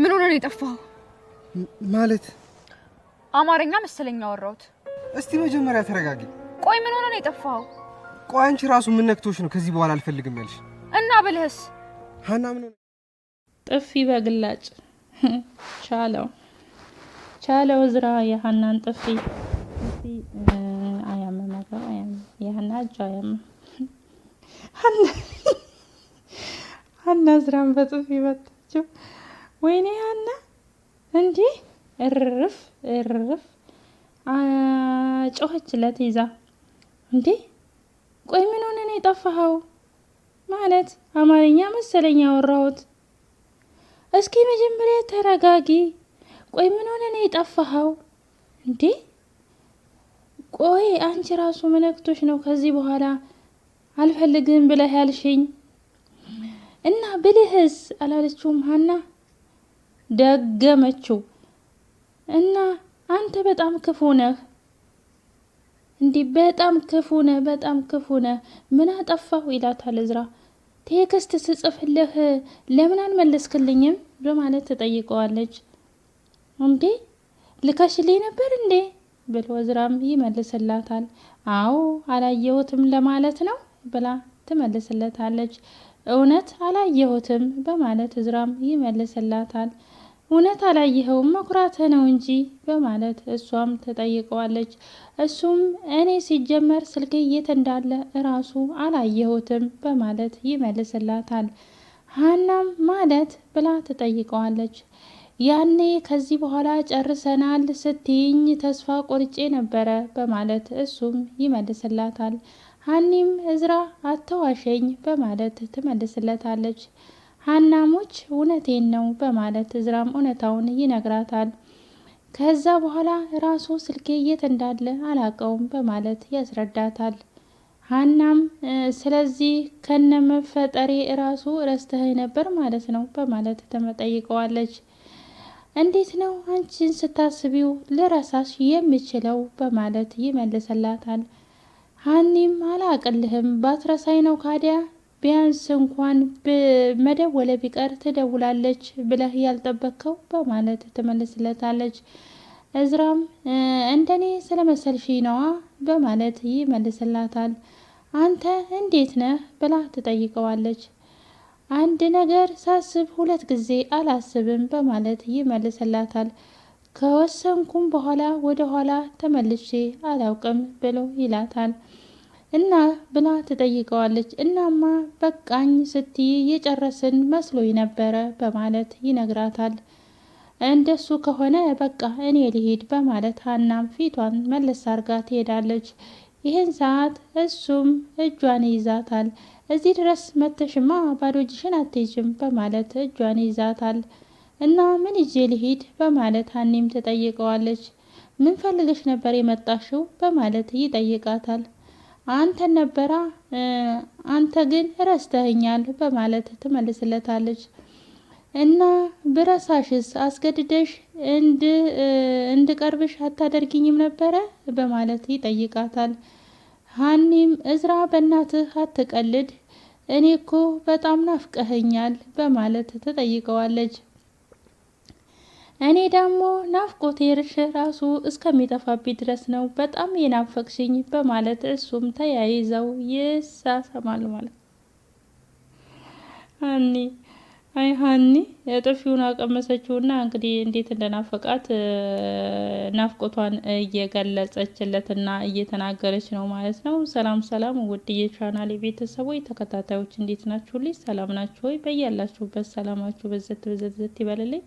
ምን ሆነ ነው የጠፋው? ማለት አማርኛ መሰለኝ ያወራሁት። እስቲ መጀመሪያ ተረጋጊ። ቆይ ምን ሆነ ነው የጠፋው? ቆይ አንቺ ራሱ ምን ነክቶሽ ነው ከዚህ በኋላ አልፈልግም ያልሽ? እና ብልህስ ሀና ምን ሆነ? ጥፊ በግላጭ ቻለው ቻለው ዝራ የሀናን ጥፊ ጥፊ አያመ ነገር አያመ የሀና እጅ አያም ሀና ዝራን በጥፊ መታችው። ወይኔ ያና እንዲህ እርፍ እርፍ ጮኸች ይዛ እንዴ ቆይ ምን ሆነ ነው የጠፋኸው? ማለት አማርኛ መሰለኝ ያወራሁት። እስኪ መጀመሪያ ተረጋጊ። ቆይ ምን ሆነ ነው የጠፋኸው? እንዴ ቆይ አንቺ ራሱ መነክቶች ነው ከዚህ በኋላ አልፈልግም ብለህ ያልሽኝ እና ብልህስ አላለችውም ሀና ደገመችው። እና አንተ በጣም ክፉ ነህ እንዲህ በጣም ክፉ ነህ፣ በጣም ክፉ ነህ። ምን አጠፋሁ ይላታል እዝራ። ቴክስት ስጽፍልህ ለምን አልመለስክልኝም በማለት ትጠይቀዋለች። እንዴ ልካሽልኝ ነበር እንዴ ብሎ እዝራም ይመልስላታል። አዎ አላየሁትም ለማለት ነው ብላ ትመልስለታለች። እውነት አላየሁትም በማለት እዝራም ይመልስላታል። እውነት አላየኸውም መኩራተ ነው እንጂ በማለት እሷም ተጠይቀዋለች። እሱም እኔ ሲጀመር ስልክ የት እንዳለ እራሱ አላየሁትም በማለት ይመልስላታል። ሀናም ማለት ብላ ትጠይቀዋለች። ያኔ ከዚህ በኋላ ጨርሰናል ስትይኝ ተስፋ ቆርጬ ነበረ በማለት እሱም ይመልስላታል። ሀኒም እዝራ አተዋሸኝ በማለት ትመልስለታለች። ሀናሞች እውነቴን ነው በማለት እዝራም እውነታውን ይነግራታል። ከዛ በኋላ ራሱ ስልኬ የት እንዳለ አላቀውም በማለት ያስረዳታል። ሀናም ስለዚህ ከነመፈጠሬ ራሱ ረስተህ ነበር ማለት ነው በማለት ተመጠይቀዋለች። እንዴት ነው አንቺን ስታስቢው ልረሳሽ የምችለው በማለት ይመልስላታል። ሀኒም አላቅልህም ባትረሳይ ነው ካዲያ ቢያንስ እንኳን መደወለ ቢቀር ትደውላለች ብለህ ያልጠበቅከው በማለት ትመልስለታለች። እዝራም እንደኔ ስለመሰልሽ ነዋ በማለት ይመልስላታል። አንተ እንዴት ነህ ብላ ትጠይቀዋለች። አንድ ነገር ሳስብ ሁለት ጊዜ አላስብም በማለት ይመልስላታል። ከወሰንኩም በኋላ ወደ ኋላ ተመልሼ አላውቅም ብሎ ይላታል። እና ብላ ትጠይቀዋለች። እናማ በቃኝ ስትይ የጨረስን መስሎኝ ነበረ በማለት ይነግራታል። እንደሱ ከሆነ በቃ እኔ ልሂድ በማለት ሀናም ፊቷን መለስ አርጋ ትሄዳለች። ይህን ሰዓት እሱም እጇን ይይዛታል። እዚህ ድረስ መተሽማ ባዶ እጅሽን አትሄጂም በማለት እጇን ይይዛታል። እና ምን ይዤ ልሂድ በማለት ሀኒም ትጠይቀዋለች። ምን ፈልገሽ ነበር የመጣሽው በማለት ይጠይቃታል። አንተን ነበራ አንተ ግን ረስተኸኛል በማለት ትመልስለታለች። እና ብረሳሽስ አስገድደሽ እንድቀርብሽ አታደርግኝም ነበረ በማለት ይጠይቃታል። ሀኒም እዝራ በእናትህ አትቀልድ፣ እኔ እኮ በጣም ናፍቀኸኛል በማለት ትጠይቀዋለች። እኔ ደግሞ ናፍቆቴርሽ ራሱ እስከሚጠፋብኝ ድረስ ነው በጣም የናፈቅሽኝ በማለት እሱም ተያይዘው ይሳሳማሉ ማለት ሀኒ አይ ሀኒ የጥፊውን አቀመሰችውና እንግዲህ እንዴት እንደናፈቃት ናፍቆቷን እየገለጸችለትና እየተናገረች ነው ማለት ነው። ሰላም ሰላም፣ ውድ የቻናል ቤተሰቦች ተከታታዮች እንዴት ናችሁልኝ? ሰላም ናችሁ ወይ? በያላችሁበት ሰላማችሁ በዘት በዘት ይበልልኝ።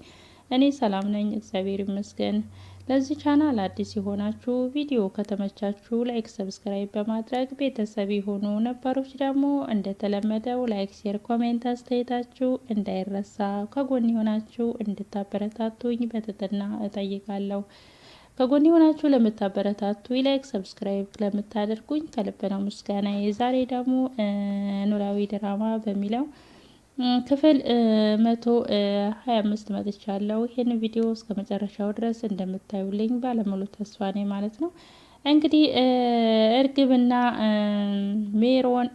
እኔ ሰላም ነኝ፣ እግዚአብሔር ይመስገን። ለዚህ ቻናል አዲስ የሆናችሁ ቪዲዮ ከተመቻችሁ ላይክ፣ ሰብስክራይብ በማድረግ ቤተሰብ የሆኑ ነባሮች ደግሞ እንደተለመደው ላይክ፣ ሼር፣ ኮሜንት አስተያየታችሁ እንዳይረሳ ከጎን የሆናችሁ እንድታበረታቱኝ በትህትና እጠይቃለሁ። ከጎን የሆናችሁ ለምታበረታቱ ላይክ፣ ሰብስክራይብ ለምታደርጉኝ ከልብ ነው ምስጋና። የዛሬ ደግሞ ኖላዊ ድራማ በሚለው ክፍል መቶ ሀያ አምስት መጥቻለሁ። ይህን ቪዲዮ እስከ መጨረሻው ድረስ እንደምታዩልኝ ባለሙሉ ተስፋ ነኝ ማለት ነው። እንግዲህ እርግብና ሜሮን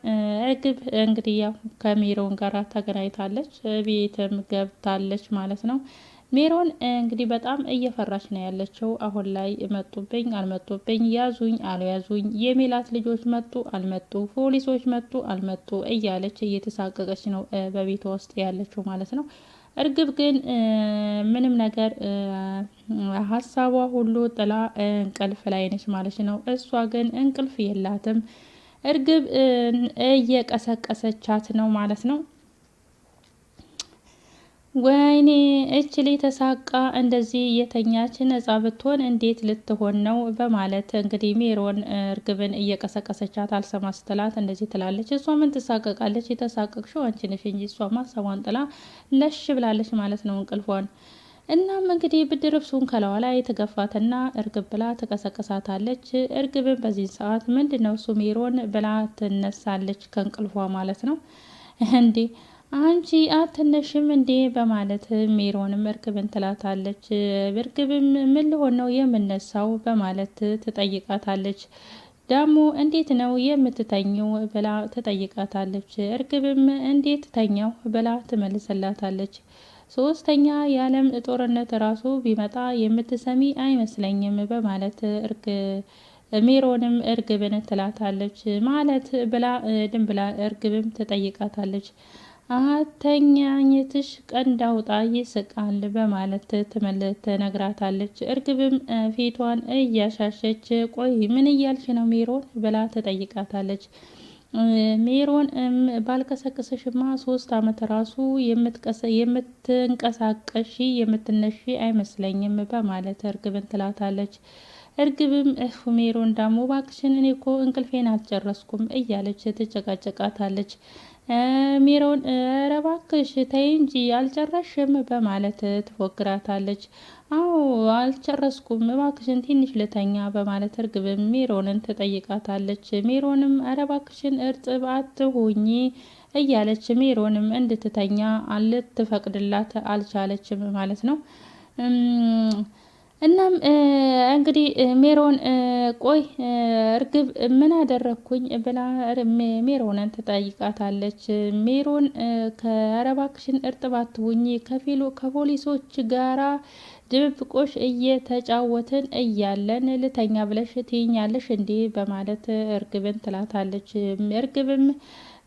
እርግብ እንግዲህ ያው ከሜሮን ጋር ተገናኝታለች፣ ቤትም ገብታለች ማለት ነው። ሜሮን እንግዲህ በጣም እየፈራች ነው ያለችው። አሁን ላይ መጡብኝ አልመጡብኝ፣ ያዙኝ አልያዙኝ፣ የሜላት ልጆች መጡ አልመጡ፣ ፖሊሶች መጡ አልመጡ እያለች እየተሳቀቀች ነው በቤቷ ውስጥ ያለችው ማለት ነው። እርግብ ግን ምንም ነገር ሀሳቧ ሁሉ ጥላ እንቅልፍ ላይ ነች ማለት ነው። እሷ ግን እንቅልፍ የላትም። እርግብ እየቀሰቀሰቻት ነው ማለት ነው። ወይኔ እች ላይ ተሳቃ እንደዚህ የተኛች ነጻ ብትሆን እንዴት ልትሆን ነው? በማለት እንግዲህ ሜሮን እርግብን እየቀሰቀሰቻት አልሰማ ስትላት እንደዚህ ትላለች። እሷ ምን ትሳቀቃለች? የተሳቀቅሽው አንቺ ነሽ እንጂ እሷ ማሰቧን ጥላ ለሽ ብላለች ማለት ነው እንቅልፏን። እናም እንግዲህ ብድርብሱን ከለዋ ላይ ትገፋትና እርግብ ብላ ትቀሰቅሳታለች። እርግብን በዚህ ሰዓት ምንድን ነው እሱ ሜሮን ብላ ትነሳለች ከእንቅልፏ ማለት ነው እንዴ አንቺ አትነሽም እንዴ በማለት ሜሮንም እርግብን ትላታለች። እርግብም ምን ልሆን ነው የምነሳው በማለት ትጠይቃታለች። ዳሞ እንዴት ነው የምትተኘው ብላ ትጠይቃታለች። እርግብም እንዴት ተኛው ብላ ትመልስላታለች። ሶስተኛ የዓለም ጦርነት ራሱ ቢመጣ የምትሰሚ አይመስለኝም በማለት እርግ ሜሮንም እርግብን ትላታለች። ማለት ብላ ድንብላ እርግብም ትጠይቃታለች። አተኛኘትሽ ቀንድ አውጣ ይስቃል በማለት ትነግራታለች። እርግብም ፊቷን እያሻሸች ቆይ ምን እያልሽ ነው ሜሮን ብላ ትጠይቃታለች። ሜሮን ባልቀሰቀሰሽማ ሶስት አመት ራሱ የምትንቀሳቀሺ የምትነሺ አይመስለኝም በማለት እርግብን ትላታለች። እርግብም እፍ ሜሮን ዳሞ ባክሽን እኔ እኮ እንቅልፌን አልጨረስኩም እያለች ትጨቃጨቃታለች። ሜሮን ኧረ እባክሽ ተይ እንጂ አልጨረሽም በማለት ትፎግራታለች። አዎ አልጨረስኩም፣ እባክሽን ትንሽ ልተኛ በማለት እርግብም ሜሮንን ትጠይቃታለች። ሜሮንም ኧረ እባክሽን እርጥብ አትሁኚ እያለች ሜሮንም እንድትተኛ ልትፈቅድላት አልቻለችም ማለት ነው። እናም እንግዲህ ሜሮን ቆይ እርግብ ምን አደረግኩኝ ብላ ሜሮንን ትጠይቃታለች። ሜሮን ከአረባክሽን እርጥባት ሁኚ ከፊሉ ከፖሊሶች ጋራ ድብብቆሽ እየተጫወትን እያለን ልተኛ ብለሽ ትይኛለሽ እንዲህ በማለት እርግብን ትላታለች። እርግብም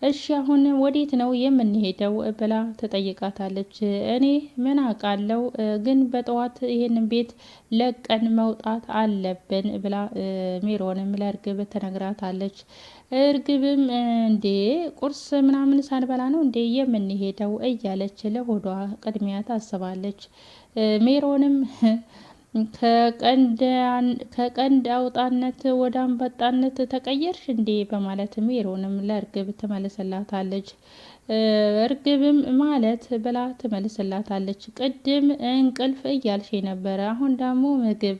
እሺ አሁን ወዴት ነው የምንሄደው ብላ ትጠይቃታለች። እኔ ምን አውቃለሁ ግን በጠዋት ይሄንን ቤት ለቀን መውጣት አለብን ብላ ሜሮንም ለእርግብ ትነግራታለች። እርግብም እንዴ ቁርስ ምናምን ሳንበላ ነው እንዴ የምንሄደው እያለች ለሆዷ ቅድሚያ ታስባለች። ሜሮንም ከቀንድ አውጣነት ወደ አንበጣነት ተቀየርሽ እንዴ? በማለት ሜሮንም ለእርግብ ትመልስላታለች። እርግብም ማለት ብላ ትመልስላታለች። ቅድም እንቅልፍ እያልሽ ነበረ፣ አሁን ደግሞ ምግብ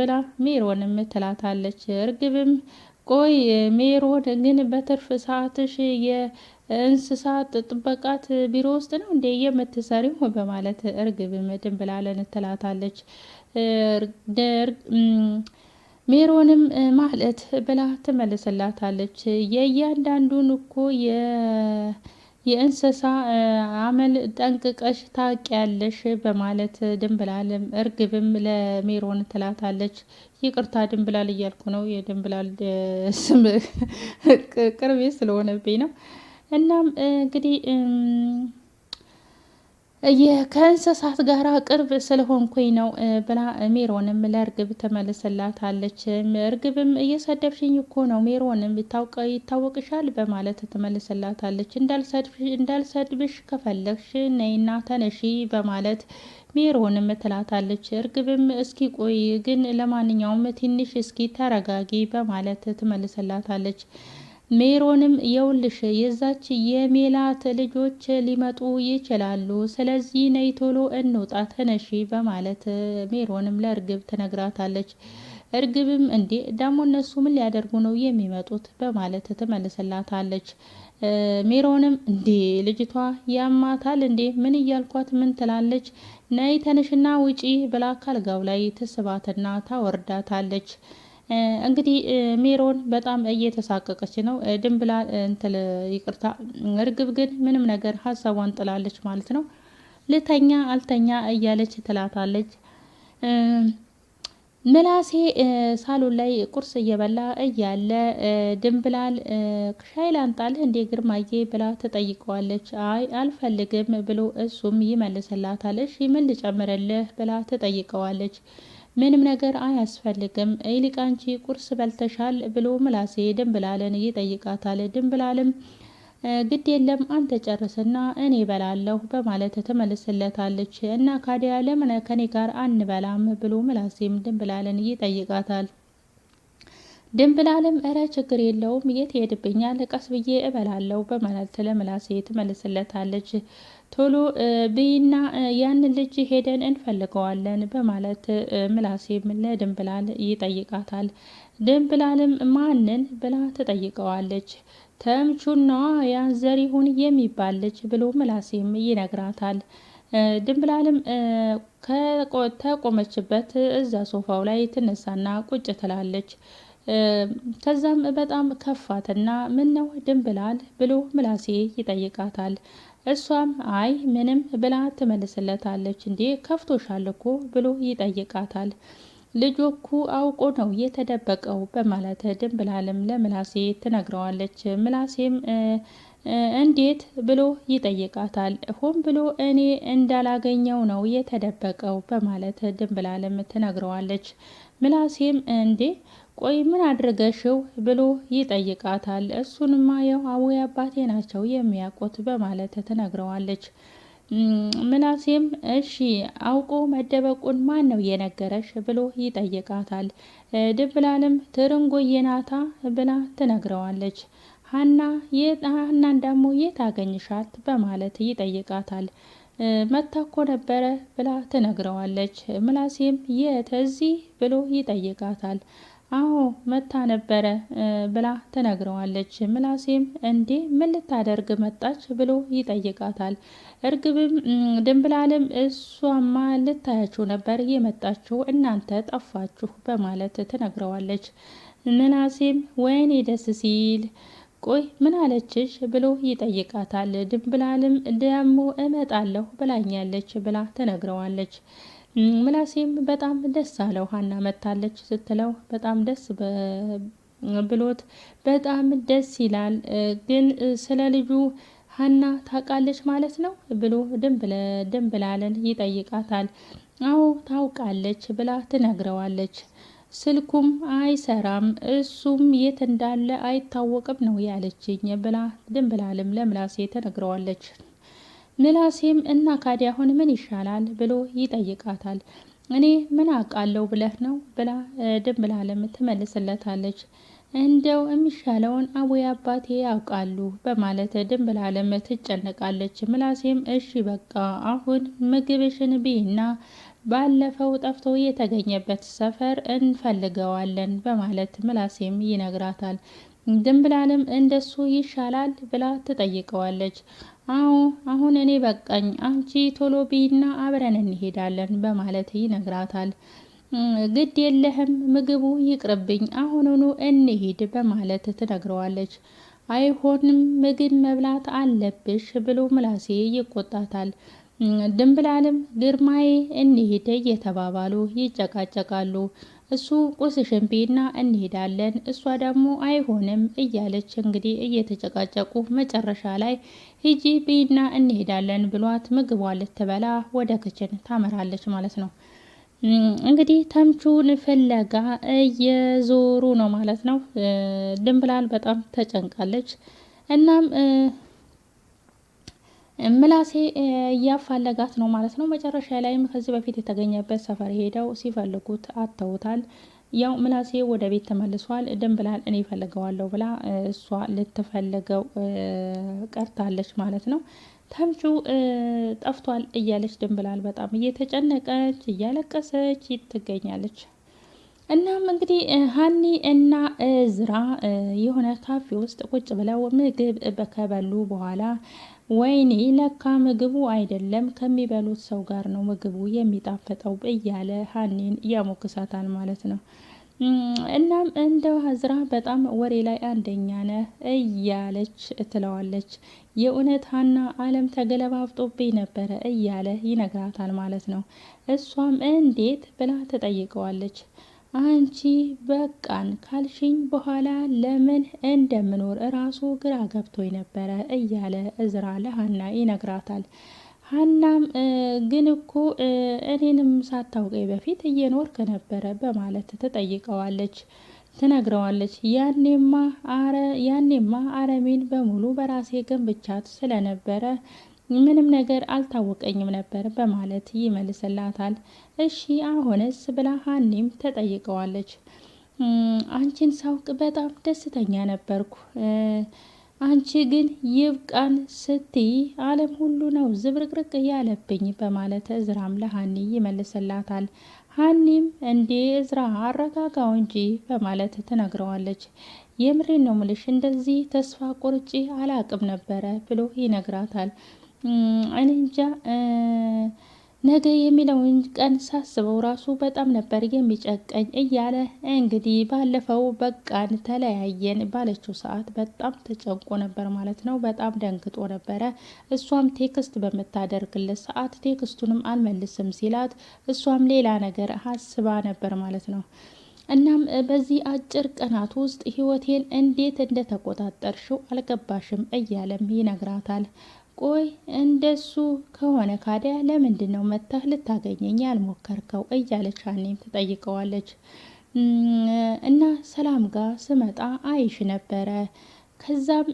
ብላ ሜሮንም ትላታለች። እርግብም ቆይ ሜሮን ግን በትርፍ ሰዓትሽ የእንስሳት ጥበቃት ቢሮ ውስጥ ነው እንዴ የምትሰሪው? በማለት እርግብም ድንብላለን ትላታለች። ሜሮንም ማለት ብላ ትመልስላታለች። የእያንዳንዱን እኮ የእንስሳ አመል ጠንቅቀሽ ታውቂያለሽ በማለት ድንብላልም እርግብም ለሜሮን ትላታለች። ይቅርታ ድንብላል እያልኩ ነው፣ የድንብላል ስም ቅርቤ ስለሆነብኝ ነው። እናም እንግዲህ ከእንስሳት ጋር ቅርብ ስለሆንኩኝ ነው ብላ ሜሮንም ለእርግብ ትመልስላታለች። እርግብም እየሰደብሽኝ እኮ ነው ሜሮንም ይታወቅሻል በማለት ትመልስላታለች። እንዳልሰድብሽ ከፈለግሽ ነይና ተነሺ በማለት ሜሮንም ትላታለች። እርግብም እስኪ ቆይ ግን ለማንኛውም ትንሽ እስኪ ተረጋጊ በማለት ትመልስላታለች። ሜሮንም የውልሽ የዛች የሜላት ልጆች ሊመጡ ይችላሉ። ስለዚህ ነይ ቶሎ እንውጣ ተነሺ በማለት ሜሮንም ለእርግብ ትነግራታለች። እርግብም እንዴ ደግሞ እነሱ ምን ሊያደርጉ ነው የሚመጡት በማለት ትመልስላታለች። ሜሮንም እንዴ ልጅቷ ያማታል እንዴ ምን እያልኳት ምን ትላለች? ነይ ተነሽና ውጪ ብላ ካልጋው ላይ ትስባትና ታወርዳታለች። እንግዲህ ሜሮን በጣም እየተሳቀቀች ነው። ድንብላ እንትል ይቅርታ፣ እርግብ ግን ምንም ነገር ሀሳቧን ጥላለች ማለት ነው። ልተኛ አልተኛ እያለች ትላታለች። ምላሴ ሳሎን ላይ ቁርስ እየበላ እያለ ድንብላል ሻይ ላምጣልህ እንዴ ግርማዬ ብላ ትጠይቀዋለች። አይ አልፈልግም ብሎ እሱም ይመልስላታል። እሺ ምን ልጨምርልህ ብላ ትጠይቀዋለች። ምንም ነገር አያስፈልግም፣ ይልቅ አንቺ ቁርስ በልተሻል ብሎ ምላሴ ድንብላልን ይጠይቃታል። ድንብላልም ግድ የለም አንተ ጨርስና እኔ በላለሁ በማለት ትመልስለታለች። እና ካዲያ ለምን ከኔ ጋር አንበላም ብሎ ምላሴም ድንብላልን ይጠይቃታል። ድንብላልም እረ ችግር የለውም የት ሄድብኛል ቀስ ብዬ እበላለሁ በማለት ለምላሴ ትመልስለታለች። ቶሎ ብይና ያንን ልጅ ሄደን እንፈልገዋለን በማለት ምላሴም ለድንብላል ይጠይቃታል። ድንብላልም ማንን ብላ ትጠይቀዋለች። ተምቹና ያ ዘሪሁን የሚባል ልጅ ብሎ ምላሴም ይነግራታል። ድንብላልም ከተቆመችበት እዛ ሶፋው ላይ ትነሳና ቁጭ ትላለች። ከዛም በጣም ከፋትና ምን ነው ድንብላል ብሎ ምላሴ ይጠይቃታል። እሷም አይ ምንም ብላ ትመልስለታለች። እንዴ ከፍቶሻል እኮ ብሎ ይጠይቃታል። ልጆኩ አውቆ ነው የተደበቀው በማለት ድንብላልም ለምላሴ ትነግረዋለች። ምላሴም እንዴት ብሎ ይጠይቃታል። ሆን ብሎ እኔ እንዳላገኘው ነው የተደበቀው በማለት ድንብላልም ትነግረዋለች። ምላሴም እንዴ ቆይ ምን አድርገሽው ብሎ ይጠይቃታል። እሱንማ ያው አቡ አባቴ ናቸው የሚያውቁት በማለት ትነግረዋለች። ምናሴም እሺ አውቆ መደበቁን ማን ነው የነገረሽ ብሎ ይጠይቃታል። ድብላልም ትርንጎዬ ናታ ብላ ትነግረዋለች። ሀና ሀናን ደግሞ የት አገኝሻት በማለት ይጠይቃታል። መታኮ ነበረ ብላ ትነግረዋለች። ምናሴም የት እዚህ ብሎ ይጠይቃታል። አዎ መታ ነበረ ብላ ትነግረዋለች። ምላሴም እንዴ ምን ልታደርግ መጣች ብሎ ይጠይቃታል። እርግብም ድንብላልም እሷማ ልታያችሁ ነበር የመጣችው እናንተ ጠፋችሁ በማለት ትነግረዋለች። ምላሴም ወይኔ ደስ ሲል ቆይ ምን አለችሽ ብሎ ይጠይቃታል። ድንብላልም ደግሞ እመጣለሁ ብላኛለች ብላ ትነግረዋለች። ምናሴም በጣም ደስ አለው ሀና መታለች ስትለው በጣም ደስ ብሎት በጣም ደስ ይላል። ግን ስለ ልጁ ሀና ታውቃለች ማለት ነው ብሎ ድንብላለን ይጠይቃታል። አዎ ታውቃለች ብላ ትነግረዋለች። ስልኩም አይሰራም እሱም የት እንዳለ አይታወቅም ነው ያለችኝ ብላ ድንብላልም ለምላሴ ትነግረዋለች። ምላሴም እና ካዲያ አሁን ምን ይሻላል ብሎ ይጠይቃታል። እኔ ምን አውቃለሁ ብለህ ነው ብላ ድንብላለም ትመልስለታለች። እንደው የሚሻለውን አቡዬ አባቴ ያውቃሉ በማለት ድንብላለም ትጨነቃለች። ምላሴም እሺ በቃ አሁን ምግብሽን ብይና ባለፈው ጠፍቶ የተገኘበት ሰፈር እንፈልገዋለን በማለት ምላሴም ይነግራታል። ድንብላለም እንደሱ ይሻላል ብላ ትጠይቀዋለች። አዎ አሁን እኔ በቃኝ፣ አንቺ ቶሎ ቢና አብረን እንሄዳለን በማለት ይነግራታል። ግድ የለህም ምግቡ ይቅርብኝ፣ አሁኑኑ እንሂድ በማለት ትነግረዋለች። አይሆንም ምግብ መብላት አለብሽ ብሎ ምላሴ ይቆጣታል። ድንብላልም ግርማዬ እንሂድ እየተባባሉ ይጨቃጨቃሉ። እሱ ቁስሽን ቢና እንሄዳለን፣ እሷ ደግሞ አይሆንም እያለች እንግዲህ እየተጨቃጨቁ መጨረሻ ላይ ሂጂ ቢና እንሄዳለን ብሏት ምግቧ ልትበላ ወደ ክችን ታመራለች ማለት ነው። እንግዲህ ተምቹን ፍለጋ እየዞሩ ነው ማለት ነው። ድንብላል በጣም ተጨንቃለች። እናም ምላሴ እያፋለጋት ነው ማለት ነው። መጨረሻ ላይም ከዚህ በፊት የተገኘበት ሰፈር ሄደው ሲፈልጉት አተውታል። ያው ምላሴ ወደ ቤት ተመልሷል። ደንብላል እኔ ይፈልገዋለሁ ብላ እሷ ልትፈልገው ቀርታለች ማለት ነው። ተምቹ ጠፍቷል እያለች ብላል በጣም እየተጨነቀች እያለቀሰች ትገኛለች። እናም እንግዲህ ሀኒ እና ዝራ የሆነ ካፌ ውስጥ ቁጭ ብለው ምግብ ከበሉ በኋላ ወይኔ ለካ ምግቡ አይደለም ከሚበሉት ሰው ጋር ነው ምግቡ የሚጣፈጠው እያለ ሀኔን እያሞክሳታል ማለት ነው። እናም እንደ አዝራ በጣም ወሬ ላይ አንደኛ ነህ እያለች ትለዋለች። የእውነት ሀና አለም ተገለባብጦብኝ ነበረ እያለ ይነግራታል ማለት ነው። እሷም እንዴት ብላ ትጠይቀዋለች። አንቺ በቃን ካልሽኝ በኋላ ለምን እንደምኖር እራሱ ግራ ገብቶኝ ነበረ እያለ እዝራ ለሀና ይነግራታል። ሀናም ግን እኮ እኔንም ሳታውቀኝ በፊት እየኖርክ ነበረ በማለት ትጠይቀዋለች ትነግረዋለች። ያኔማ አረ ያኔማ አረሜን በሙሉ በራሴ ገንብቻት ስለነበረ ምንም ነገር አልታወቀኝም ነበር በማለት ይመልስላታል። እሺ አሁንስ ብላ ሀኒም ተጠይቀዋለች። አንቺን ሳውቅ በጣም ደስተኛ ነበርኩ። አንቺ ግን ይብቃን ስትይ ዓለም ሁሉ ነው ዝብርቅርቅ ያለብኝ በማለት እዝራም ለሀኒ ይመልስላታል። ሀኒም እንዴ እዝራ አረጋጋው እንጂ በማለት ትነግረዋለች። የምሬን ነው ምልሽ እንደዚህ ተስፋ ቁርጪ አላቅም ነበረ ብሎ ይነግራታል። እኔ እንጃ ነገ የሚለውን ቀን ሳስበው ራሱ በጣም ነበር የሚጨቀኝ እያለ እንግዲህ ባለፈው በቃን ተለያየን ባለችው ሰዓት በጣም ተጨንቆ ነበር ማለት ነው። በጣም ደንግጦ ነበረ። እሷም ቴክስት በምታደርግለት ሰዓት ቴክስቱንም አልመልስም ሲላት እሷም ሌላ ነገር አስባ ነበር ማለት ነው። እናም በዚህ አጭር ቀናት ውስጥ ህይወቴን እንዴት እንደተቆጣጠርሽው አልገባሽም እያለም ይነግራታል። ቆይ እንደሱ ከሆነ ካዲያ ለምንድን ነው መጥተህ ልታገኘኝ ያልሞከርከው? እያለች አኔም ትጠይቀዋለች። እና ሰላም ጋር ስመጣ አይሽ ነበረ። ከዛም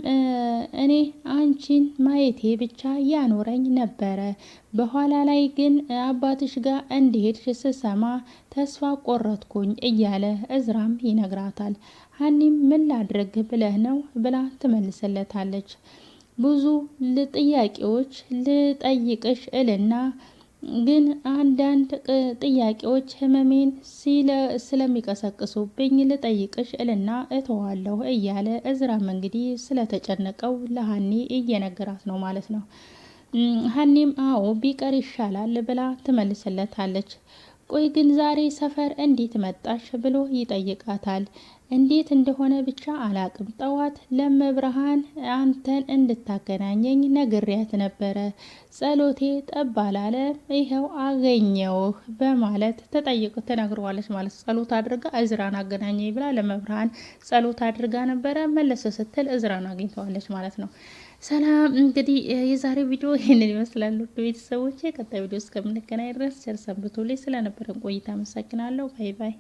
እኔ አንቺን ማየቴ ብቻ ያኖረኝ ነበረ። በኋላ ላይ ግን አባትሽ ጋር እንደሄድሽ ስሰማ ተስፋ ቆረጥኩኝ እያለ እዝራም ይነግራታል። ሀኒም ምን ላድረግ ብለህ ነው ብላ ትመልስለታለች። ብዙ ጥያቄዎች ልጠይቅሽ እልና ግን አንዳንድ ጥያቄዎች ህመሜን ስለሚቀሰቅሱብኝ ልጠይቅሽ እልና እተዋለሁ እያለ እዝራም እንግዲህ ስለተጨነቀው ለሀኒ እየነገራት ነው ማለት ነው። ሀኒም አዎ ቢቀር ይሻላል ብላ ትመልስለታለች። ቆይ ግን ዛሬ ሰፈር እንዴት መጣሽ ብሎ ይጠይቃታል። እንዴት እንደሆነ ብቻ አላቅም። ጠዋት ለመብርሃን አንተን እንድታገናኘኝ ነግሬያት ነበረ፣ ጸሎቴ ጠብ አላለ፣ ይኸው አገኘውህ በማለት ተጠይቅ ተናግረዋለች። ማለት ጸሎት አድርጋ እዝራን አገናኘኝ ብላ ለመብርሃን ጸሎት አድርጋ ነበረ። መለሰ ስትል እዝራን አግኝተዋለች ማለት ነው። ሰላም እንግዲህ የዛሬ ቪዲዮ ይህንን ይመስላል። ውድ ቤተሰቦቼ ቀጣይ ቪዲዮ እስከምንገናኝ ድረስ ቸር ሰንብቱልኝ። ስለነበረን ቆይታ አመሰግናለሁ። ባይ ባይ።